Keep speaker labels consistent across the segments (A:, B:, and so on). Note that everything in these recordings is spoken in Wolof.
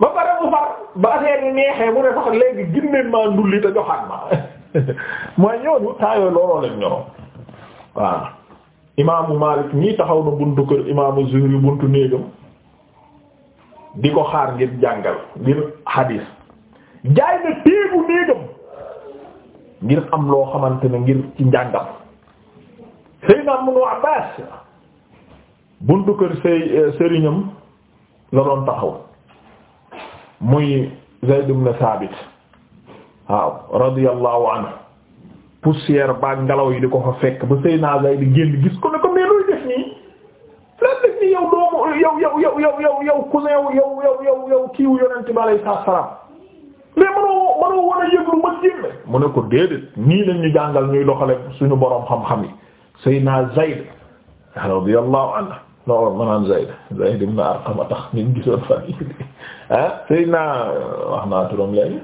A: ba pare mu far ba affaire neexee mu ne sax léegi ginne maa ndulli te joxaat ma mooy ñooñu temps yooyu looloo leen ñoroon waaw imaamu Maalik ñii taxaw na buntu kër imaamu Zuhri buntu néegam di ko xaar ngir jàngal ngir xadiis jaay na téegu néegam ngir am loo xamante ne ngir ci njàngam Seydina Ibnu Abbaas buntu kër sëy eh, sëriñam la doon taxaw muy Zayd ibn Thabit waaw radiyallahu anhu poussière ba ngelaw yi di ko fa fekk ba naa Zayd génn gis ko ne ko mais looy def nii lan def nii yow doomu yow yow yow yow yow yow salaam mais manoo war a yëglu ma génn mu nii lañ ñu jàngal ñuy doxale suñu boroom xam-xam yi Seydina Zayd radiyallahu anhu no manaan Zayd Zayd ibn Arqam tax ñu gisoon fa ah wax naa turam léegi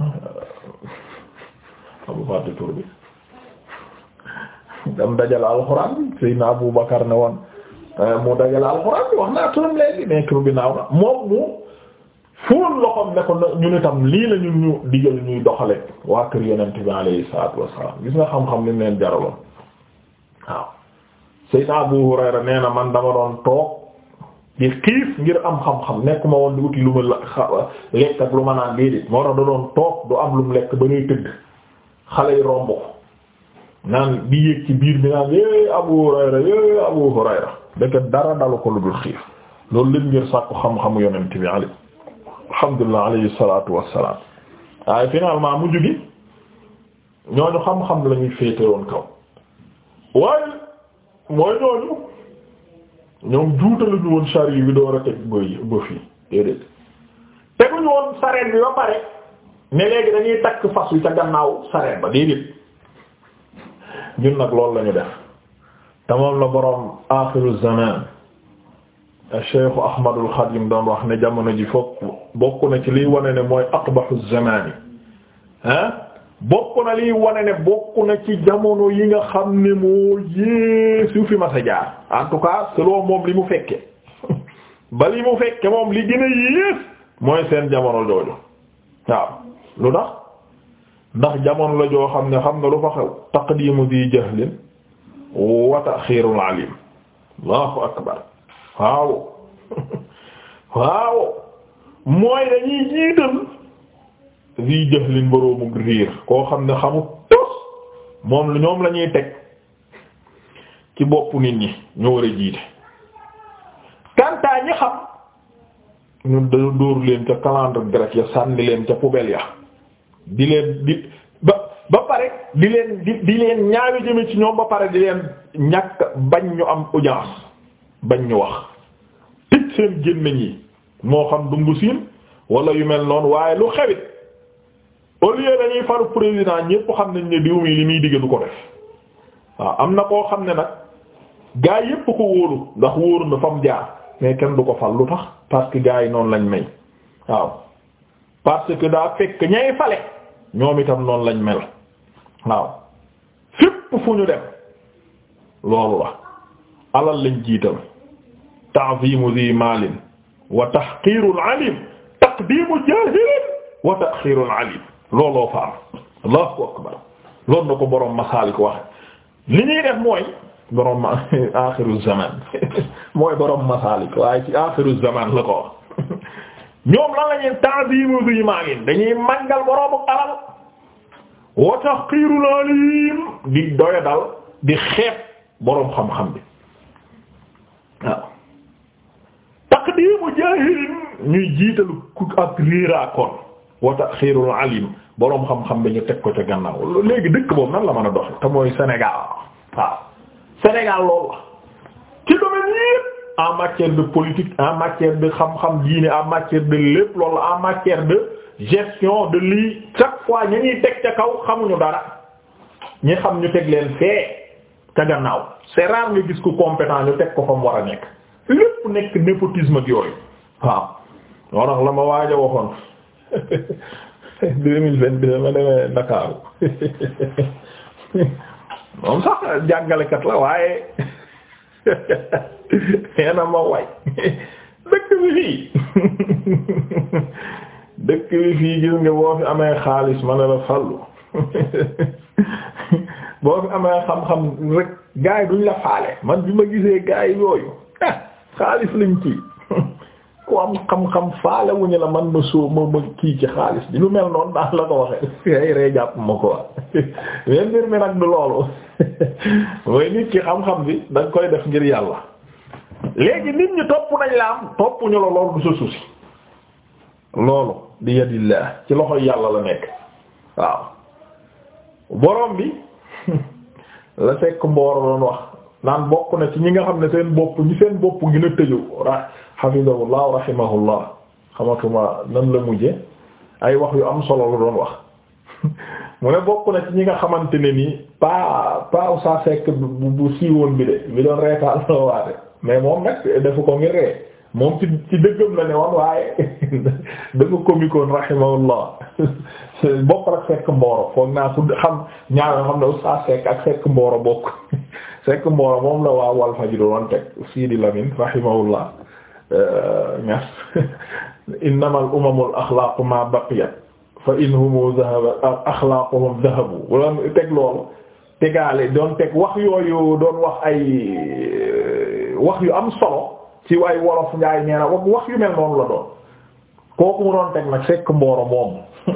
A: ah, abu fàtte tur bi dam dajal alxuraan bi Seydina Bakar ne woon eh, mu dajal alxuraan bi wax naa turam léegi mais tur na moom mu fóon loxoom ne ko ñun itam lii la ñu digal ñuy doxale waa kër yonent bi alayhi salaatu wassalaam gis nga xam-xam li leen jaraloon waaw Seydina Abu Hurayra nee na man dama doon toog di xiif ngir am xam-xam nekk ma woon di wuti lu ma lekk ak lu ma naan déedéet moo tax da doon toog du am lu mu lekk ba ñuy tëdd xale yi romb naan di yéeg ci biir bi naan é Abu Hurayra é Abu Hurayra dëkk dara dalu ko lu dul xiif loolu lépp ngir sàkku xam-xamu yonent bi ali alhamdulillah alayhi salatu wassalam waaye finalement mujj gi ñooñu xam-xam lañuy féetewoon kaw waaye mooy ñooñu ñoom juutaluñu woon chari bi door a teg bëy bëf yi déedéet teguñu woon sareen bi ba pare ne léegi dañuy takk fas wi ca gannaaw sareen ba déedéet ñun nag loolu lañu def te la boroom axiru zaman Cheikh Ahmadul Xadim doon wax ne jamono ji fokk bokk na ci liy wane ne mooy aqbahu zamani ah bokk na liy wane ne bokk na ci jamono yi nga xam ne moo yéesu fi ma sa jaar en tout cas moom li mu fekke ba li mu fekke moom li gën a yées mooy seen jamono jooju waaw lu tax ndax jamono la joo xam ne xam nga lu fa xew taqdimu di jahlin wa taxiirul alim allahu akbar waaw waaw mooy dañuy jiital zi jëflin boroomu riir koo xam ne xamu tos moom lu ñoom lañuy teg ci boppu nit ñi ñu war a jiite kantaa ñi xam ñun dañu leen ca calendre grec ya sànni leen ca poubelle ya di leen di ba ba pare di leen di di leen ñaawi jëme ci ñoom ba pare di leen ñàkk bañ ñu am audience bañ ñu wax tëj seen gémmiñ yi moo xam dungu siin wala yu mel noonu waaye lu xewit au lieu dañuy faru président ñépp xam nañ ne diw mi li muy digg du ko def waaw am na koo xam ne nag gaa yépp ko wóolu ndax wóoru na fa mu jaar mais kenn du ko fal lu tax parce que gaa yi noonu lañ may waaw parce que daa fekk ñay fale ñoom itam noonu lañ mel waaw fépp fu ñu dem loolu la alal lañ jiital ta'zimu zi maalin wa tahqiru al-alim taqdimu looloo fa am allahu akbar loolu ko boroom masaalik wax li ñuy def mooy boroom axiru zaman mooy boroom masaalik waaye ci axiru zaman la ko wax ñoom lan la ñuy ta'zimu bi imaam dañuy màggal boroomu alal wa tahqiirul alim di doya dal di xeeb boroom xam-xam bi waaw taqdiimu jaahilin ñuy jiitalu ku ak réeraakoon wa alim boroom xam-xam bi ñu teg ko ca gannaaw léegi dëkk boobu nan la mën a doxe te mooy Sénégal waaw Sénégal loolu la ci domaine yépp en matière de politique en matière de xam-xam diine en matière de lépp loolu en matière de gestion de lii chaque fois ñu ñuy teg ca kaw xamuñu dara ñi xam ñu teg leen fee ca gannaaw c'est nga gis ku compétent ñu teg ko fa war a nekk lépp nekk népotisme ak yooyu waaw. moo tax la ma waaj waxoon deux mille vingt deux ma demee Ndakaaru moom sax jàngalekat la waaye nee na ma way dëkk bi fii dëkk bi fii gis nga boo fi amee xaalis ma ne la fàllu boo fi amee xam-xam rek gaay duñ la faale man bi ma gisee gaay yooyu ah, xaalis lañ ci ku am xam-xam faale la man ma soo ma ma kii ci xaalis bi lu mel noonu daan la ko waxee ay jàpp ma ko wax mais mbir mi nag du loolu mooy nit ki xam-xam bi da koy def ngir yàlla léegi nit ñi topp nañ la am topp ñu la loolu sa souci loolu bi yadillah ci loxo yàlla la nekk waaw borom bi la fekk mboor doon wax naan bokk na ci ñi nga xam ne seen bopp ñi seen bopp gën a tëju ra hafizahullah wa rahimahullah xamatuma nan la mujje ay wax yu am solo la doon wax mu ne bokk na ci ñi nga xamante ne nii pa pa sa sekk bu bu siiwoon bi de bi doon reetaan loo waate mais moom nag defu ko ngir ree moom ci dëggam la ne woon waaye dafa komikoon rahimahullah bokk naa ku ñaar yoo xam ne sa sekk ak sekk mbooro bokk sekk mbooro moom la waa Walfadjri doon teg Sidi Lamine rahimahullah Euh, ñaar innamal umamul axlaaqu ma baqiyat fa inhum dhahaba axlaaquhum dhahabu wala teg loolu tegaale doon teg wax yooyu doon wax ay euh, wax yu am solo si ay wolof njaay nee na wax yu mel noonu la doon kooku mu doon teg nag fekk mbooro moom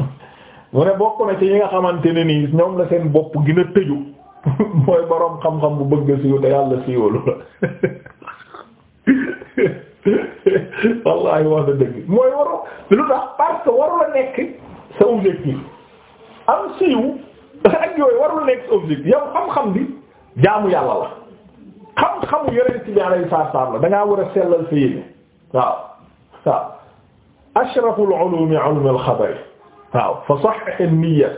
A: mu ne bokk na ci ñi nga xamante ne nii ñoom la seen bopp gën a tëju mooy boroom xam-xam bu bëgg a siiw te yàlla siiwalu la wallaahi wax na dëgg mooy waroo lu tax parce que warul a nekk sa objectif am siiw ak yooyu warul a nekk sa objectif yow xam-xam bi jaamu yàlla la xam-xamu yonent bi alayhi salaam la da ngaa war a sellal sa yéene waaw waaw ashraful ulumi ulumul xabar waaw fa sahih an-niyya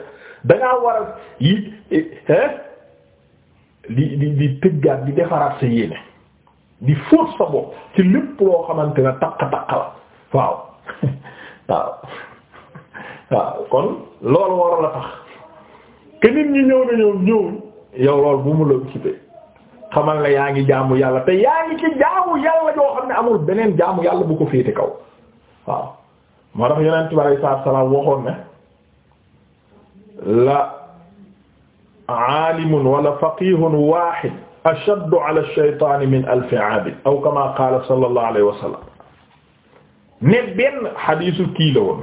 A: da ngaa war a yi li eh, di di tëggaat di defaraat di fóot sa bopp ci lépp loo xamante ne takk-takk la waaw waaw waaw kon loolu waroon la tax ke nit ñi ñëw na ñëw ñëw yow loolu bu mu la occupé xamal na yaa ngi jaamu yàlla te yaa ngi ci jaamu yàlla yoo xam ne amul beneen jaamu yàlla bu ko féete kaw waaw moo tax yonent bi alayhi salaatu salaam waxoon ne la aalimun wala faqihun waahid ashaddu ala shaytaani min alfi aabid aw kama qaala sallallahu alayhi wa sallam ne benn xadiisu kii la woon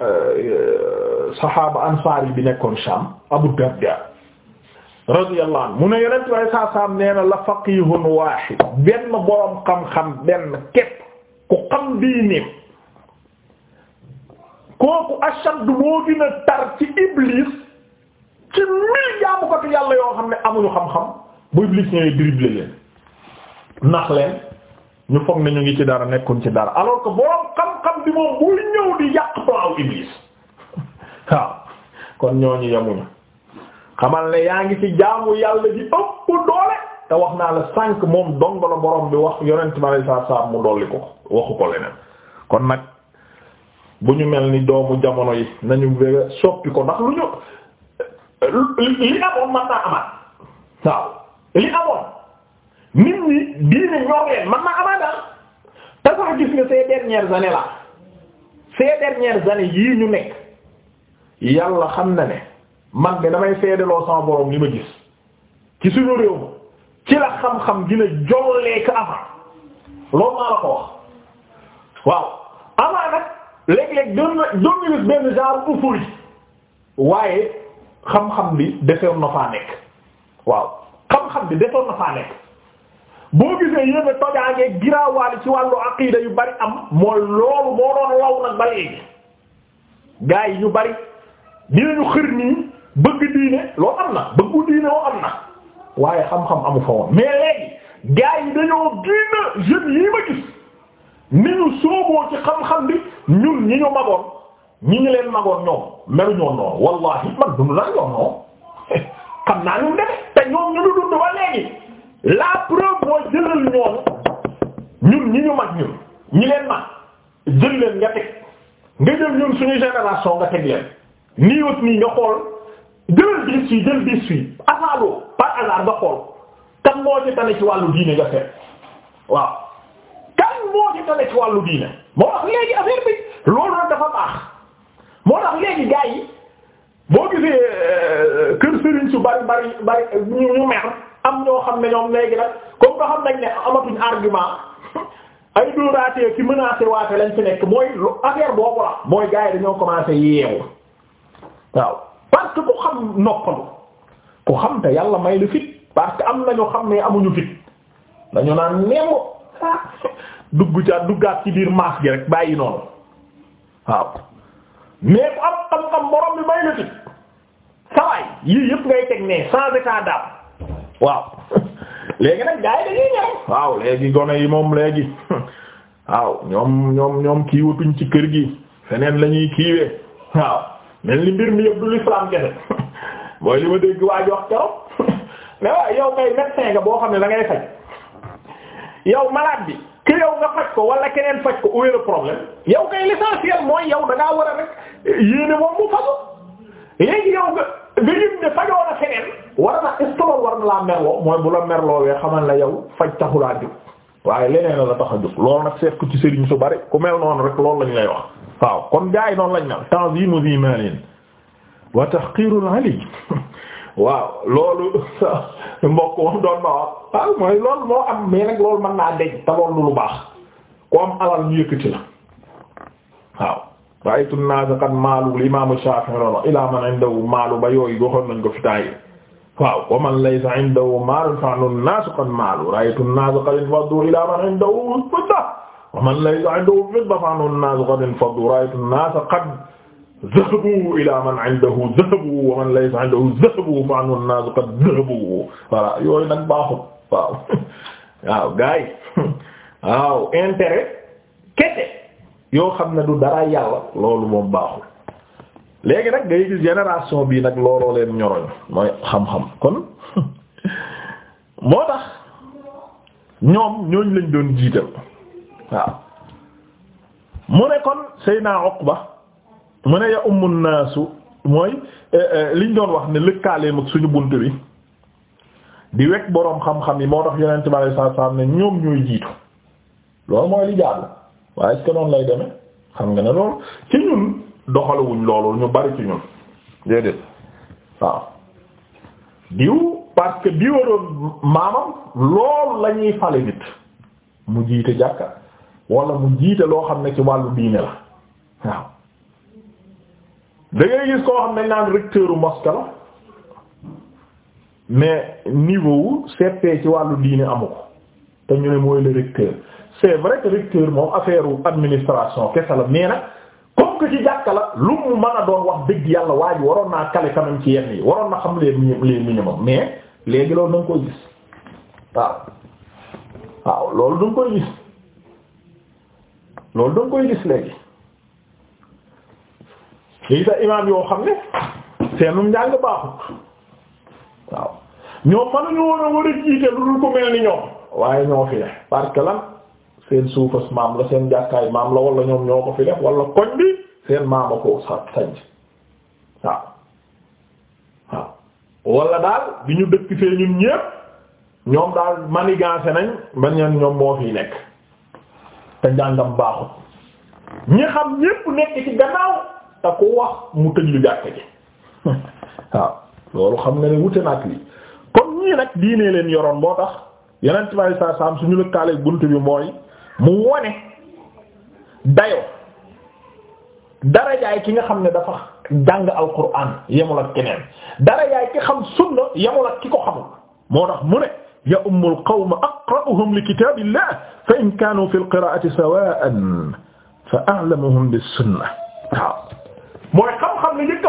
A: euh, saxaaba ansaar yi bi nekkoon Sham Abu Darda radiyallahu anhu mu ne yonent bi saa saam nee na la faqihun waahid benn boroom xam-xam benn képp ku xam diineem kooku ashaddu moo gën a tar ci Iblis. ci mil jaamukatu yàlla yoo xam ne amuñu xam-xam bu Iblis ñëwee dribble leen nax leen ñu foog ne ngi ci dara nekkuñ ci dara alors ko borom xam-xam bi moom buy ñëw di yàq baaw Iblis waaw kon ñooñu yemuñu xamal ne yaa ngi ci jaamu yàlla ji ëpp doole te wax naa la sànq moom dong la borom bi wax yonent ma lay saa mu dolli ko waxu ko leneen kon nag bu ñu mel ni doomu jamono yi nañu soppi ko ndax lu ñu li amoon mën naa amaat waaw li amoon nit ñi diine ñor leen mën naa amaat daal te gis nga ces dernières années là ces dernières années yii ñu nekk yàlla xam na ne man de damay seedeloo sama borom li ma gis ci suñu réew ma ci la xam-xam dina jollee ko avant loolu maa la ko wax waaw avant nag léeg-léeg doon na doon na benn genre ufu yi waaye. xam-xam bi desewoon na faa nekk waaw xam-xam bi desewoon na faa nekk boo gisee yéen a tojaangee ci wàllu aqiida yu bari am mooy loolu moo doon law nag ba léegi gaa yi ñu bari dinañu xër nii bëgg diine loo am na bëggu diine loo am na waaye xam-xam amu fa woon mais léegi gaa yi dañoo gën a jeunes ma gis ni ñu sooboo ci xam-xam bi ñun ñi ñu magoon. ñi ngi leen magoon ñoom melu ñoom noonu wallahi man dund naa ñoom noonu xam naa ñun de te ñoom ñu ngi dund ba léegi la preuve mooy jëlal ñoom ñun ñi ñu mag ñun ñi leen mag jël leen nga teg nga jël ñun suñu génération nga teg leen nii wut nii nga xool jëlal bis fii jël bis fii asaaloo par hasard nga xool kan moo ci tane ci wàllu diine nga seet waaw kan moo ci tane ci wàllu diine moo wax léegi affaire bi loolu nag dafa baax. moo tax léegi gars yi boo gisee euh, kër sëriñ su bari bari bari ñu mer am ñoo xam ne ñoom léegi nag comme nga xam ne amatuñ argument ay dóoraatee ki menacé waate lañ fi nekk mooy affaire boobu mooy gars commencé yeewu waaw parce que xam noppalu ku xam may lu parce que am nañu xam ne amuñu fit dañu naan nemm dugg ca duggaat ci biir maas gi rek bàyyi noonu waaw mais bu am xam-xam borom bi may la ci sawaay yii yëpp ngay teg ne sans état d'âme waaw léegi nag gars yi dañuy ñëw waaw léegi gone yi moom léegi waaw ñoom ñoom ñoom kiiwatuñ ci kër gi feneen la ñuy kiiwee waaw mel ni mbir mi yëpp du l'islam kese mooy li ma dégg waa jox keroog mais waaw yow kay médecin nga boo xam ne da ngay faj yow malade bi. que yow nga faj ko wala keneen faj ko où est le mooy yow da ngaa war a rek yéene moom mu faju léegi yow nga nga yëg ne fajoo na keneen war na est-ce que loolu war na laa merloo mooy bu la merloowee xamal la yow faj taxulaa jóg waaye leneen la la tax a jóg loolu nag seet ko ci sëriñ ku mel noonu rek loolu lañ lay wax waaw kon gaa yi noonu lañ naan tanzimu zimalin wa tahqirul ali waaw loolu mbokk moom doon na wax ah mooy loolu moo am mais nag loolu mën naa denc tawoon lu lu baax ku am alal ñu yëkkati la waaw ra'aytu an-naasa qad maalu al-imaam Shaafi'i rahimahullah ilaa man indahu maalu ba yooyu waxoon nañ ko fi taay waaw wa man laysa indahu maalun fa an-naasu qad maalu ra'aytu an-naasa qad infaddu ilaa man indahu fidda wa man laysa indahu fidda fa an-naasu qad infaddu ra'aytu an-naasa qad zahabu ila man indahu zahabu wa man laysa indahu zahabu ma anhu an-nas qad zahabu voilà yooyu nag baaxul waaw waaw gars waaw intérêt kese yoo xam ne du dara yàlla loolu moom baaxul léegi nag ngay génération bii nag looloo leen ñoroñ mooy xam-xam kon moo tax ñoom ñooñ lañ doon jiital waaw mu ne kon Seyna Uqba mu ne ya naa su mooy eh, eh, liñ doon wax ne lëkkaaleem ak suñu bunt bi di wekk boroom xam-xam yi moo tax yonent bi alayhi salaatu ne ñoom ñooy jiitu loolu mooy li jaadu waaye est noonu lay demee xam nga ne loolu ci ñun doxalawuñ loolu ñu bari ci ñun déedéet waaw diw parce que diw maamam loolu la ñuy fale nit mu jiite jàkka walla mu jiite loo xam ne ci wàllu diine la waaw da ngay gis koo xam ne naan recteuru mosquée la mais niveau CP ci wàllu diine amu te ñu ne mooy le recteur c'est recteur moom affaire administration kese la mais nag comme que ci jàkka la lu mu mën a doon wax dëgg yàlla waa ji waroon naa kale kanam ci yenn yi waroon na xam leen les minimum mais léegi loolu da nga koy gis waaw waaw loolu da koy gis loolu da koy gis léegi. lii sax imaam yoo xam ne seenu njàng baaxut waaw ñoom mënuñu woon a war a jiite lu dul ko mel ni ñoom waaye ñoo fi ne parce que lan seen suufas maam la seen jàkkaay maam la wala ñoom ñoo ko fi def ko sa sanj waaw daal bi ñu dëkk fee ñun ñépp ñoom daal moo fiy nekk te njàngam baaxut ñi xam ñépp nekk ci gannaaw te ku wax loolu xam nga ne wute naat lii kon ñii nag diine leen yoroon moo tax yeneen tubaab yi saa saam suñu lëkkaaleeg buntu bi mooy mu wone dayo darajaay ki nga xam ne dafa jàng alquran yemul ak keneen darajaay ki xam sunna yemul ak ki ko xamul moo tax mu ne ya ummul qawma aqra'uhum li kitaabillah fa in kaanu fi alqiraa'ati sawaa'an fa a'lamuhum bis sunnah waaw mooy xam-xam la njëkk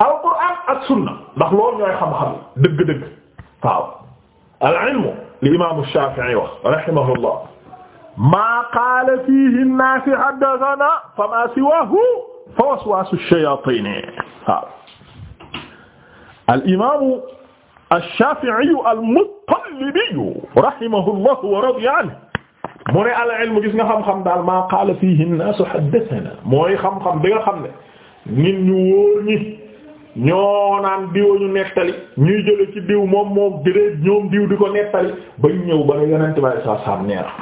A: a wax alquran ak sunna ndax loolu ñooy xam-xam dëgg-dëgg waaw al-ilmu li imaamu Shaafi'i wax rahimahullah maa qaala fiihi an-naasu haddathanaa famaa siwaahu fa waswaasu ash-shayaatiin waaw al-imaamu ash-Shaafi'i al-Muttalibi rahimahullah wa radiya anhu mu ne al ilmu gis nga xam-xam daal maa qaala fiihi an-naasu haddathana mooy xam-xam bi nga xam ne nit ñu wóor ñi ñoo naan diw ñu nettali ñuy jële ci diw moom moom déedéet ñoom diw di ko nettali bañ ñëw ba nga yonente bàyyi saa saam nee na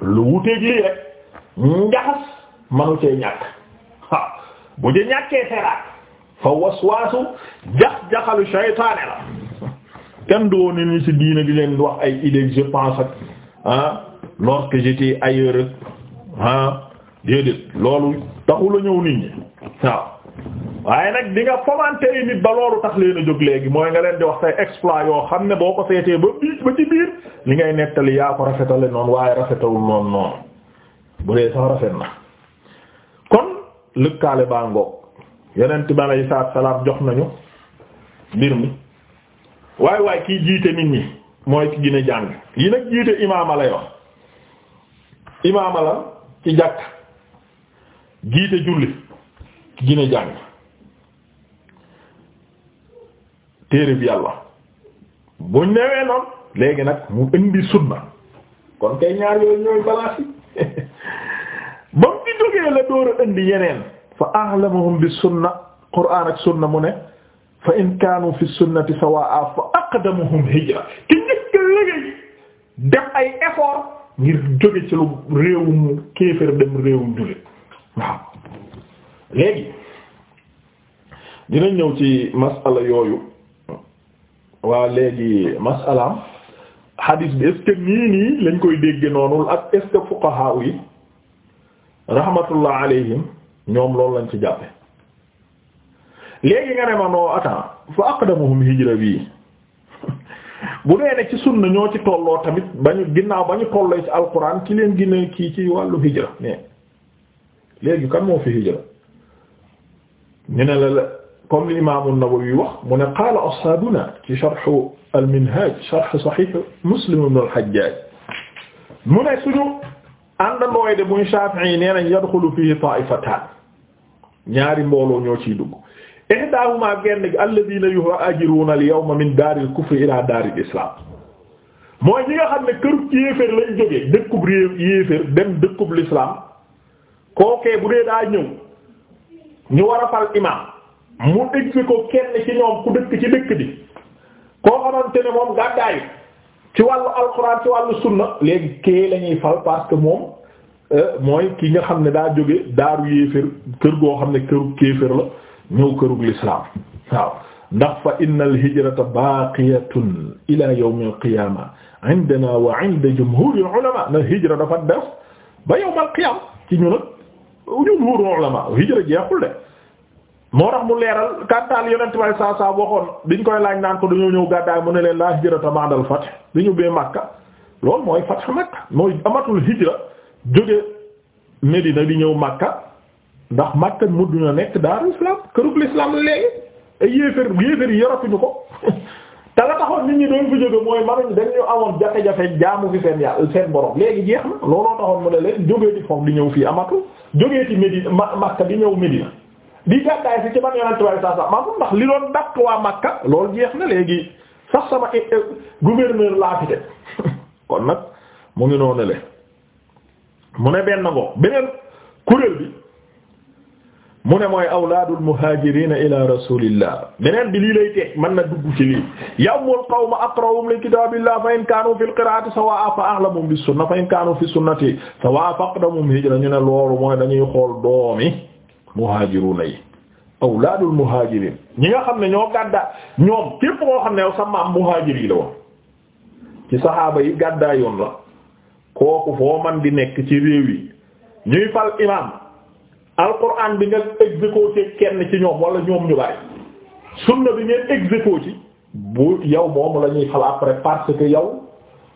A: lu wuteeg lii rek njaxas manu ñàkk bu ci ñàkkee seraat fa waswaasu jax-jaxalu shaytaane la kenn doo ne ni ci diina di leen wax ay idée je pense ak ah, lorsque j'étais ailleurs ah déedéet loolu taxu la ñëw nit ñi waaw waaye nag di nga fomenter yi nit ba loolu tax leen jóg léegi mooy nga leen di wax say exploit yoo xam ne boo ko seetee ba biir ba ci biir li ngay nettali yaa ko rafetale noonu waaye rafetawul noonu noonu bu dee sax rafet na kon lëkkaale baa ngoog yonent bi alayhi salaatu salaam jox nañu mbir mi waaye waaye kiy jiite nit ñi mooy ki gën jàng yi nag jiite imaama lay imaama la ci jàkk jiite julli ki jàng téere bi yàlla buñ newee noonu léegi nag mu indi sunna kon kay ñaar yooyu ñooy balance ba mu ci jógee la door a indi yeneen fa a'lamuhum bi sunna qur'aan ak sunna mu ne fa in fi sunnati sawaa fa aqdamuhum hijra ki njëkk léegi def ay effort ngir jóge ci lu réewum kéefër dem réewum jullit waaw léegi dina ñëw ci masala yooyu waa léegi masalaam hadis bi est-ce nii nii lañ koy dégge noonu ak est-ce que yi rahmatullah alayhim ñoom loolu lañ ci jàppe léegi nga ne ma noo attends fa aqdamuhum hijra bi bu dee ne ci sunna ñoo ci tolloo tamit bañu ginnaaw ba ñu tolloo ci alquran ci leen gën a kii ci wàllu hijra mais kan moo fi hijra ñu ne la comme l'imam an-Nawawi wax mu ne qaala ashaabuna ci sharh al-Minhaj sharh Sahih Muslim ibn al mu ne suñu àndandooy de muy Shafi'i nee nañ yadxulu fihi ta'ifataan ñaari mbooloo ñoo ciy dugg ihdaahuma genn gi alladina yuhaajiruuna al yawma min daaril kufri ila daaril islam mooy ñi nga xam ne kërub yéeféer lañ jógee dëkkub réew yéeféer dem dëkkub l'islam kookee bu dee daa ñëw ñu war a fal imam mu dégg ci ñoom dëkk ci dëkk bi koo xamante ne moom gàddaayu ci wàllu alxuraan léegi kee la ñuy fal parce que euh, nga xam ne daa jóge daaru yéeféer kër goo xam ne këru kërub kéeféer la ñëw kërug lislaam waaw ndax fa inna alhijrata baqiyatun ila yawm alqiyama indana wa inda jumhur alulama na hijra dafa def ba yawm alqiyam ci ñu nag jumhur ulama hijra jeexul de moo tax mu leeral kàttaal yonent may saa saa waxoon biñ koy laaj naan ko dañoo ñëw gàddaay mu ne leen laa hijrata ma'dal fath bi ñu bee Makka loolu mooy fath Makka mooy amatul hijra jóge Medina di ñëw Makka ndax Makka mu na nekk daaru islam kërug l'islam léegi ay yéefér yéefér yi yoratuñu ko te la taxoon nit ñi doon fi jóge mooy manuñ dañu amoon jafe-jafe jaamu fi léegi jeex na looloo taxoon jógee di foofu di ñëw fii amatu jógee ci Médina Makka di ñëw Médina di gàddaay si ci man yonent way sa sa maanaam ndax li doon dàq waa Makka loolu jeex na léegi sax sama eh, eh, gouverneur laa fi te kon nag mu ngi noonu le mu ne benn ngo beneen kuréel bi mu ne mooy awlaadul muhaajiriina ila rasulillah beneen bi lii lay teg mën na dugg ci lii yawmul qawma aqra'uhum li kitaabillah fa in kaanu fil qiraa'ati sawaa'a fa a'lamuhum bis sunna fa in kaanu fi sunnati sawaa'a fa aqdamuhum hijra ñu ne loolu mooy dañuy xool doomi muhaajiruuna yi awlaadul muhaajiriin ñi nga xam ne ñoo gàdda ñoom képp koo xam ne yow sa maam muhaajir yi la woon ci saxaaba yi gàddaa yoon la kooku foo man di nekk ci réew yi ñuy fal imaam alquran bi nga exécuté kenn ci ñoom wala ñoom ñu bari sunna bi ngeen exécuté ci bu yow moomu lañuy ñuy xal après parce que yow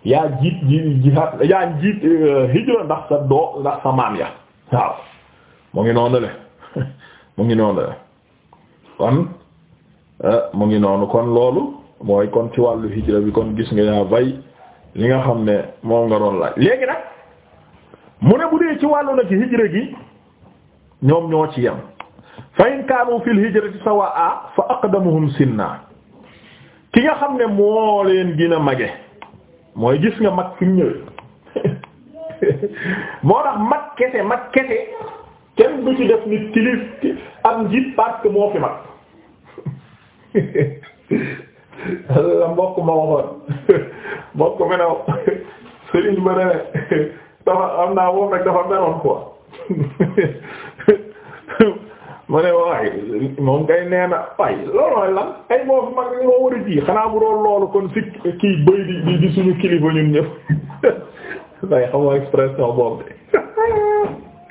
A: yaa jiit ji jihaad yaa jiit euh, hijra ndax sa doo ndax sa maam ya waaw mu ngi noonu le mu ngi noonu le kon euh, mu ngi noonu kon loolu mooy kon ci wàllu hijra bi kon gis nga yaa bay li nga xam ne moom nga doon laaj léegi nag mu ne bu dee ci wàllu na ci gi ñoom ñoo ci yem fa in kaanu fil hijrati sawaa fa aqdamuhum sinna ki nga xam ne moo leen gën mage mooy gis nga mag fi mu ñëwee moo tax mag kese mag kese kenn du ci def nit kilif am njiit parce que moo fi mag la mbokk ma waxoon mbokk me new sëriñ ba ne dafa am naa moom rek dafa meroon quoi mu ne waay moom kay nee na waay loolooy lan ay moo fi mag rek moo war a ji xanaa bu doon loolu kon si kii bëy di di suñu kilifa ñun ñëpp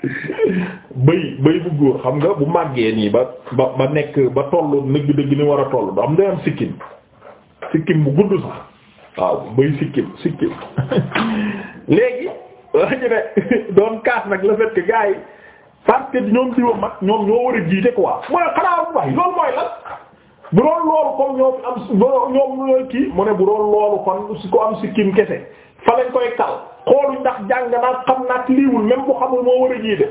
A: xam nga bu màggee nii ba ba ba nekk ba tollu nëgg dëgg ni war a tollu am am sikkim sikkim bu gudd sax waaw bëy sikkim sikkim léegi ñu ne doon kaas nag le fait que gars yi parce que ñoom diwa mag ñoom ñoo war a jiite quoi mu ne xanaa wax loolu mooy lan bu doon loolu comme ñoom am ñoom ñooy ko am sikkim kese fa lañ koy kal xoolu ndax jàng naa xam naa liiwul même bu xamul moo war a jiite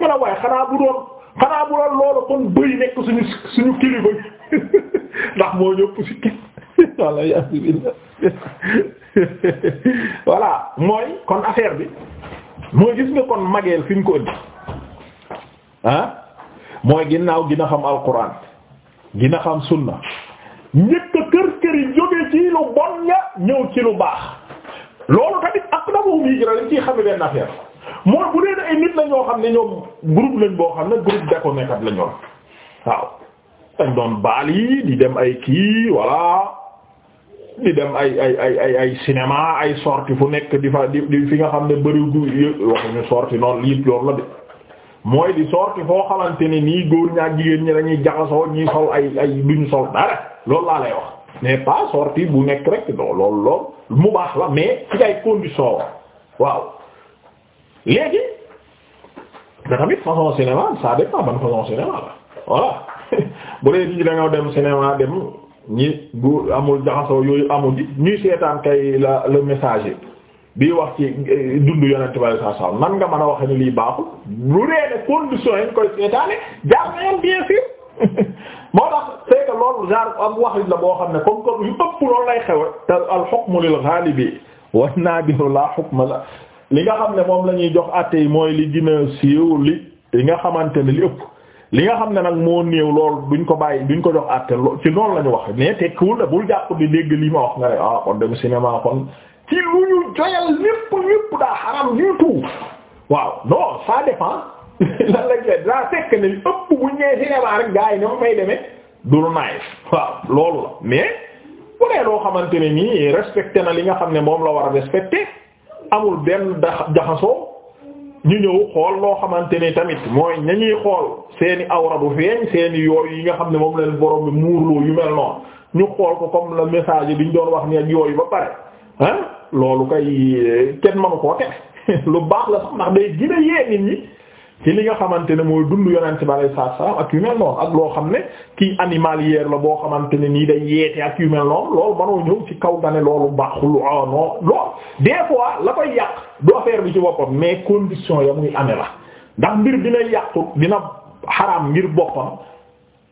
A: mu ne waaye xanaa bu doon xanaa bu doon loolu kon bëy nekk suñu suñu kilifa ndax moo ñëpp sikkim walla yasibillah voilà mooy kon affaire bi mooy gis nga kon mageel fi ñu ko ëndi ah mooy ginnaaw gina xam alquran gina xam sunna njëkk kër këri jóge ci lu bon nga ñëw ci lu baax loolu tamit ak damaum hijra lañ ciy xame benn affaire mooy bu dee ay nit la xam ne ñoom groupe lañ boo xam ne groupe dako nekkat la waaw dañ doon baal yi di dem ay kii voilà di dem ay ay ay ay ay ay sorti fu nekk di fa di fi nga xam ne bërigu waxuñu sorti noonu lii loolu la de mooy di sorti foo xamante ni nii góor ñaa jigéen ñi lañuy jaxasoo ñii sol ay ay duñu sol dara loolu laa lay wax mais pas sorti bu nekk rek lool lool lool mu baax la mais ci ay condition waaw léegi da tamit façon cinéma ça dépend ban façon cinéma la voilà bu dee di da nga dem cinéma dem ñi bu amul jaxasoo yooyu amul ji ñuy seetaan kay la le messager bi wax ci dund yonent bale saa saa nan nga man a waxe ni lii baaxul lu dee ne condition yi koy seetaane jaar la boo xam ne comme comme yu ëpp loolu wa nadiru la la li nga xam ne moom la ñuy jox àtte yi mooy li gën a siiw li li nga xamante ne li ëpp li nga xam ne nag moo néew lool duñ ko bàyyi duñ ko jox àtte ci loolu la ñu wax mais tekkiwul la bul jàpp di dégg lii ma wax nga ne ah kon dem cinéma kon ci lu ñu joyal lépp lépp daa xaram du tout waaw non ça dépend lan lañ daa fekk ne ëpp bu ñu nee cinéma rek gars yi ne ma fay demee du lu naaj waaw loolu la mais bu dee loo xamante ne nii respecté na li nga xam ne moom la war a respecté amul benn jaxasoo. ñu ñëw xool loo xamante ni tamit mooy ñañuy xool seeni awra du feeñ seeni yooyu yi nga xam ne moom leen borom bi muurloo yu mel noonu ñu xool ko comme le message bi ñu doon wax ni ak yooyu ba pare ah loolu kay kenn mënu koo teg lu baax la sax day gën a yee ñi ci li nga xamante ne mooy dund yonent bi alayhi salaam ak yu mel noonu ak loo xam ne kii animalière la boo xamante ne nii day yeete ak yu mel noonu loolu manoo ñëw ci kaw nga ne loolu baaxul ah non loolu des fois la koy yàq du affaire bi ci boppam mais condition ya muy amee la ndax mbir dina yàqu dina xaraam ngir boppam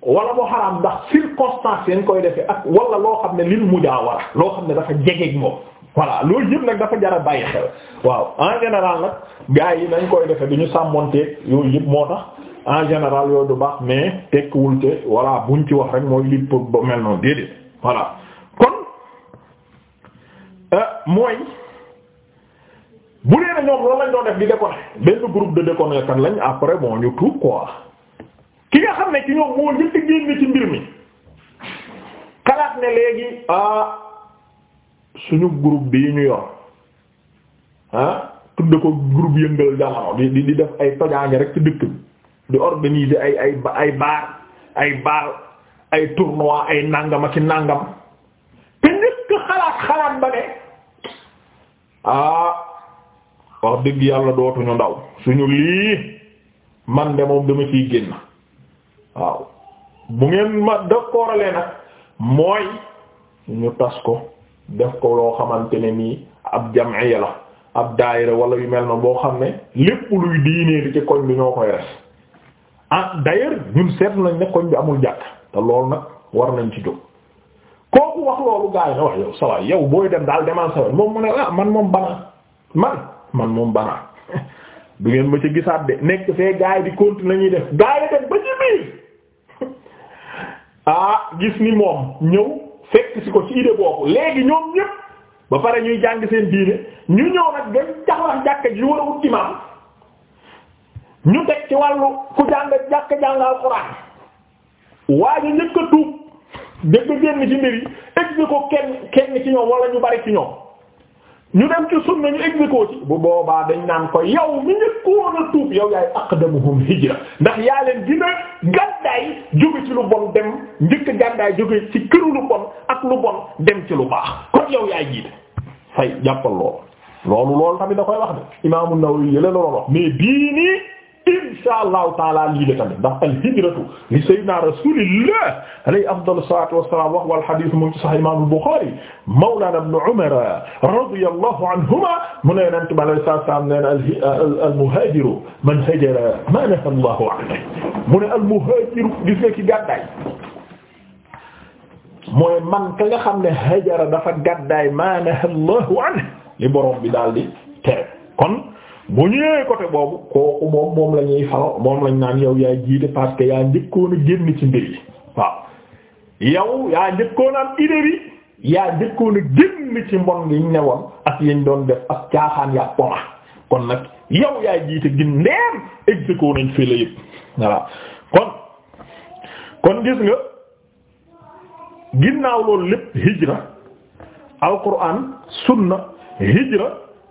A: wala moo xaraam ndax circonstance yañ koy defee ak wala loo xam ne li lil mujaawara loo xam ne dafa jegeeg moom. voilà loolu yëpp nag dafa jar a bàyyi xel waaw en général nag gars yi nañ koy defe du ñu sàmmonteeg yooyu yëpp moo tax en général yooyu du baax mais tekkiwul te voilà buñ ci wax rek mooy li ba mel noonu déedéet voilà kon euh, mooy bu dee ñoom loolu lañ doon def di déconner benn groupe de déconner kan lañ après bon ñu tuub quoi ki nga xam ne ci ñoom moo njëkk a génn ci mbir mi xalaat ne léegi ah, suñu groupe bi ñu yor ah tudd ko groupe yëngal jamono di di def ay tojaange rek ci dëkk bi di organiser ay ay ay baar ay baal ay tournoi ay nàngama ci nàngam te ñëpp xalaat xalaat ba ne ah, wax dëgg yàlla dootuñu ndaw suñu lii man de moom dama ciy génn waaw bu ngeen ma dëkkooralee nag mooy ñu tas ko def ko loo xamante ne nii ab jam'iya la ab daayira wala yu mel na boo xam ne lépp luy diinee di ci koñ bi ñoo koy res ah d'ailleurs ñun seetlu nañ ne koñ bi amul jàkk te loolu nag war nañ ci jóg kooku wax loolu gaa yi wax yow sawaay yow booy dem daal demal saway moom mu ne ah man moom banaa man man moom banaa du ngeen ma ci gisaat de nekk fee gaa di continuer ñuy def gaa yi dem ba ci biir ah gis ni moom ñëw fekk si ko ci idée boobu léegi ñoom ñépp ba pare ñuy jàng seen diine ñu ñëw nag dañ jaxlax jàkka ji war a wut ñu teg ci wàllu ku jàng jàkka jàng alxuraan waaye njëkk a tuub dëgg génn ci mbir yi egg ko kenn kenn ci ñoom wala ñu bari ci ñoom ñu dem ci sunna ñu exécuté bu boobaa dañ naan ko yow mi njëkkoon a tuub yow yaay aqdamuhum hijra ndax yaa leen dina gàddaay jóge dem njëkk gàddaay jóge ci këru lu bon ak lu dem ci lu baax kon yow yaay jiite fay jàppal loolu loolu loolu tamit da koy wax de Imaamu Nawawi yële loolu wax mais bii nii insha allahu taala lii la tamit ndax al hijratu li sayyidina rasulillah alayhi afdalu salatu wassalam wax wal hadith mu ci sahih imam al-Bukhari mawlana ibn Umar radiyallahu anhuma mu ne yonent bi alayhi salatu wassalam nee na al-muhajiru man hajara ma naha Allahu anhu mu ne al-muhajiru gis nga ci gàddaay mooy man ka nga xam ne hajara dafa gàddaay ma naha Allahu anhu li borom bi daal di tere kon ñu ñëwee côté boobu kooku moom moom la ñuy falo moom lañ naan yow yaay jiite parce que yaa njëkkoon génn ci mbir yi waaw yow yaa njëkkoon am yaa njëkkoon génn ci mbon gi ñu ne woon ak yañ doon def ak caaxaan yaa poma kon nag yow yaay jiite gin ndeem exéco fii la yëpp voilà kon kon gis nga ginnaaw loolu lépp hijra alquran sunna hijra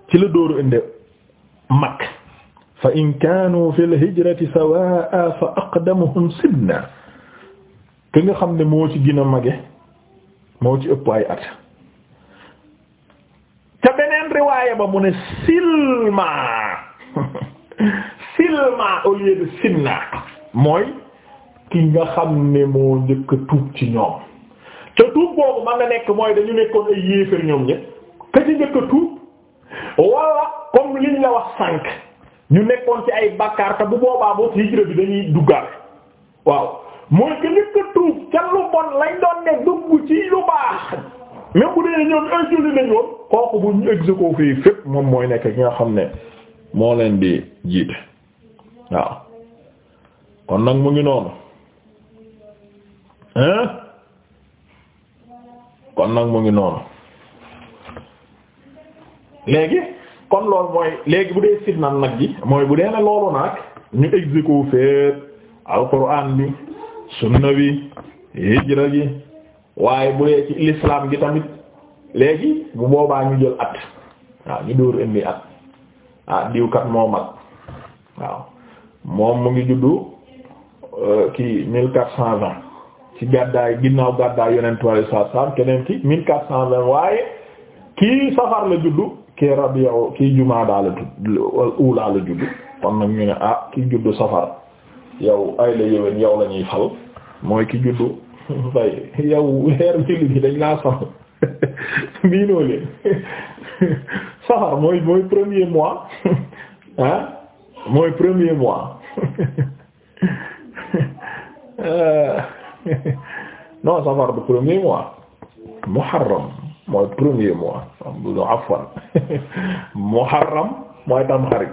A: ci la dóoru inde mag fa in kaanu fi lhijrati sawaa fa aqdamuhum sinna ki nga xam ne moo ci gën a mage moo ci ëpp ay at ca beneen riwaaya ba mu ne silma silma au lieu sinna mooy ki nga xam ne moo njëkk tuub ci ñoom ca tuub boobu ma nga nekk mooy dañu nekkoon ay yéefar ñoom ñépp ka ci njëkk tuub wala comme liñ la wax sànq ñu nekkoon ci ay bakkaar te bu boobaa boo hijra bi dañuy duggaat waaw mooy que nit ca lu bon lañ doon ne dugg ci lu baax même bu dee ñoom ay julli kooku bu ñu exécuté fii fépp moom mooy nekk ki nga xam ne moo leen di jiite waaw kon nag mu ngi noonu hein kon nag mu ngi noonu léegi kon loolu mooy léegi bu dee sibnan nag ji mooy bu dee ne loolu nag ñu exéco féet alquran bi sunna bi hijra gi waaye bu dee ci l'islam gi tamit léegi bu boobaa ñu jël at waaw ñu dóor indi at ah diwkat moo mag waaw moom mu ngi juddu euh, kii mille quatre cent vingt ci gàddaay ginnaaw gàddaay yonentu Yàlla sallallahu alayhi wasallam keneen ki mille quatre cent vingt waaye kii safar la juddu kii rabiu kii jumaada la tudd uulaa la judd kon nag ñu ne ah ki juddu safar yow ay la yéwén yow la ñuy fal mooy ki juddu fay yow weer julli bi dañ laa safar miinoo leen safar mooy mooy premier mois ah mooy premier mois euh, non safar du premier mois muharram mooy premier mois bu afwan muharram mooy tamxarit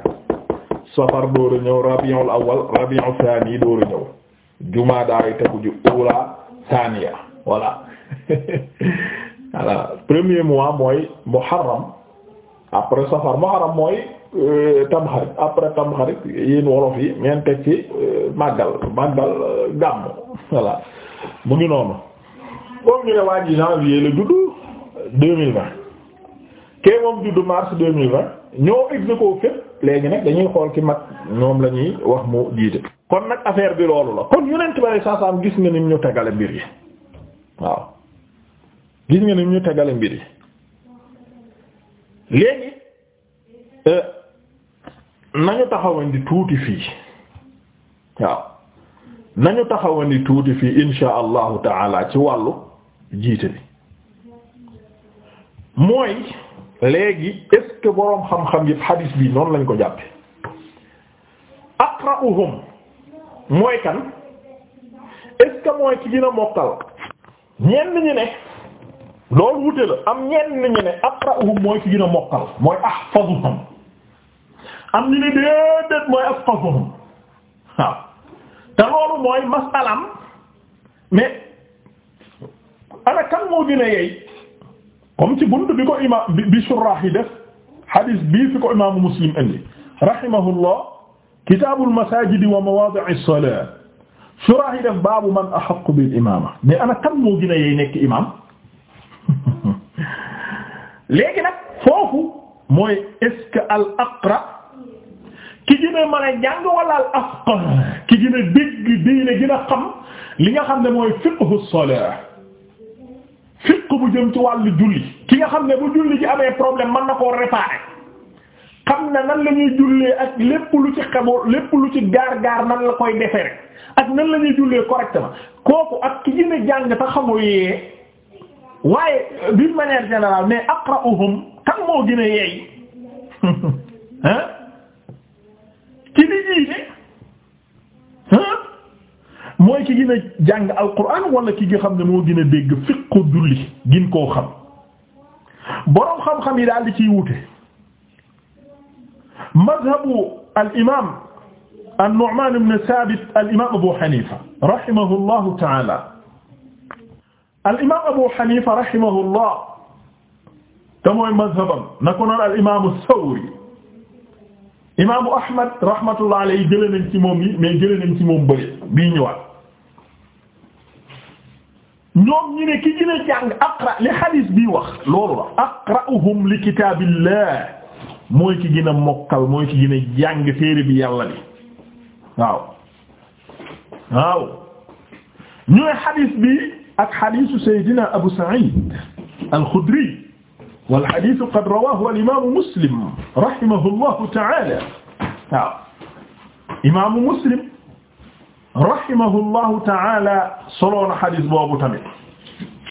A: safar door a ñëw rabiul awal rabiul thani door ñëw jumaada yi tegu ju ula thaniya voilà voilà premier mois mooy muharram après safar muharram mooy euh, tamxarit après tamxarit yéen wolof yi ngeen ci euh, màggal màggal euh, gàmm voilà mu ngi noonu comme ñu ne waa ji janvier la juddu deux mille vingt kee moom juddu mars deux mille vingt ñoo exéco fépp léegi nag dañuy xool ki mag ñoom la ñuy wax mu jiite. kon nag affaire bi loolu la kon yonent bi saa saam gis nga ni ñu tegale mbir yi waaw gis nga ni ñu tegale mbir yi léegi euh, nañu taxawandi tuuti fii waaw nañu taxawandi tuuti fii insha allahu taala ci wàllu jiite bi. mooy léegi est-ce que boroom xam-xam yëpp hadis bi noonu lañ ko jàppe aqra'uhum mooy kan est-ce mooy ci dina mokkal ñenn ñi ne loolu wute la am ñenn ñi ne aqra'uhum mooy ci dina mokkal mooy ahfazuhum am ñu ne déedéet mooy ahfazuhum waaw te loolu mooy masalam mais ana kan moo gën a yey comme ci bunt bi ko imaam bi surah yi def hadis bii fi ko imaamu muslim indi rahimahullah kitaabul masaajidi wa mawaadi'is salaat surah yi def baabu man ahaqqu bil imaama mais ana kan moo gën a yey nekk imaam léegi nag foofu mooy est-ce que al aqra ki gën a mën a jàng wala al afqah ki gën a dégg diine gën a xam li nga xam ne mooy fiqhu salaat fiq bu jëm ci wàll julli ki nga xam ne bu julli ci amee problème man na koo réparer xam na nan lañuy ñuy jullee ak lépp lu ci xebo lépp lu ci gaar gaar nan la koy defee rek ak nan la ñuy jullee correctement kooku ak ki gën a jàng te xamul yee waaye d'une manière générale mais aqra'uhum kan moo gën a yeey hein ci di jiite hein mooy ki gën a jàng alquran wala ki nga ne moo gën a dégg fiqu julli gin koo xam boroom xam-xam yi daal li ciy wute mazhabu al imam an-Nu'man ibn Thabit al imam Abu Hanifa rahimahullahu ta'ala al imam Abu Hanifa rahimahullah te mooy mazhabam na ko noon al imam Thawri imaamu Ahmad rahmatullah alayhi jëlee nañ ci moom yi mais jëlee nañ ci moom bëri bii ñëwaat ñoom ñi ne ki gën a jàng aqra li hadis bii wax loolu la aqra'uhum li kitaabillah mooy ki gën a mokkal mooy ki gën a jàng téere bi yàlla bi waaw waaw ñu ne hadis bi ak hadisu saydina Abu Sa'id al-Khudri wal hadisu qad rawahu al-imaamu Muslim rahimahu llahu ta'ala waaw imaamu Muslim rahimahullahu taala soloon xadis boobu tamit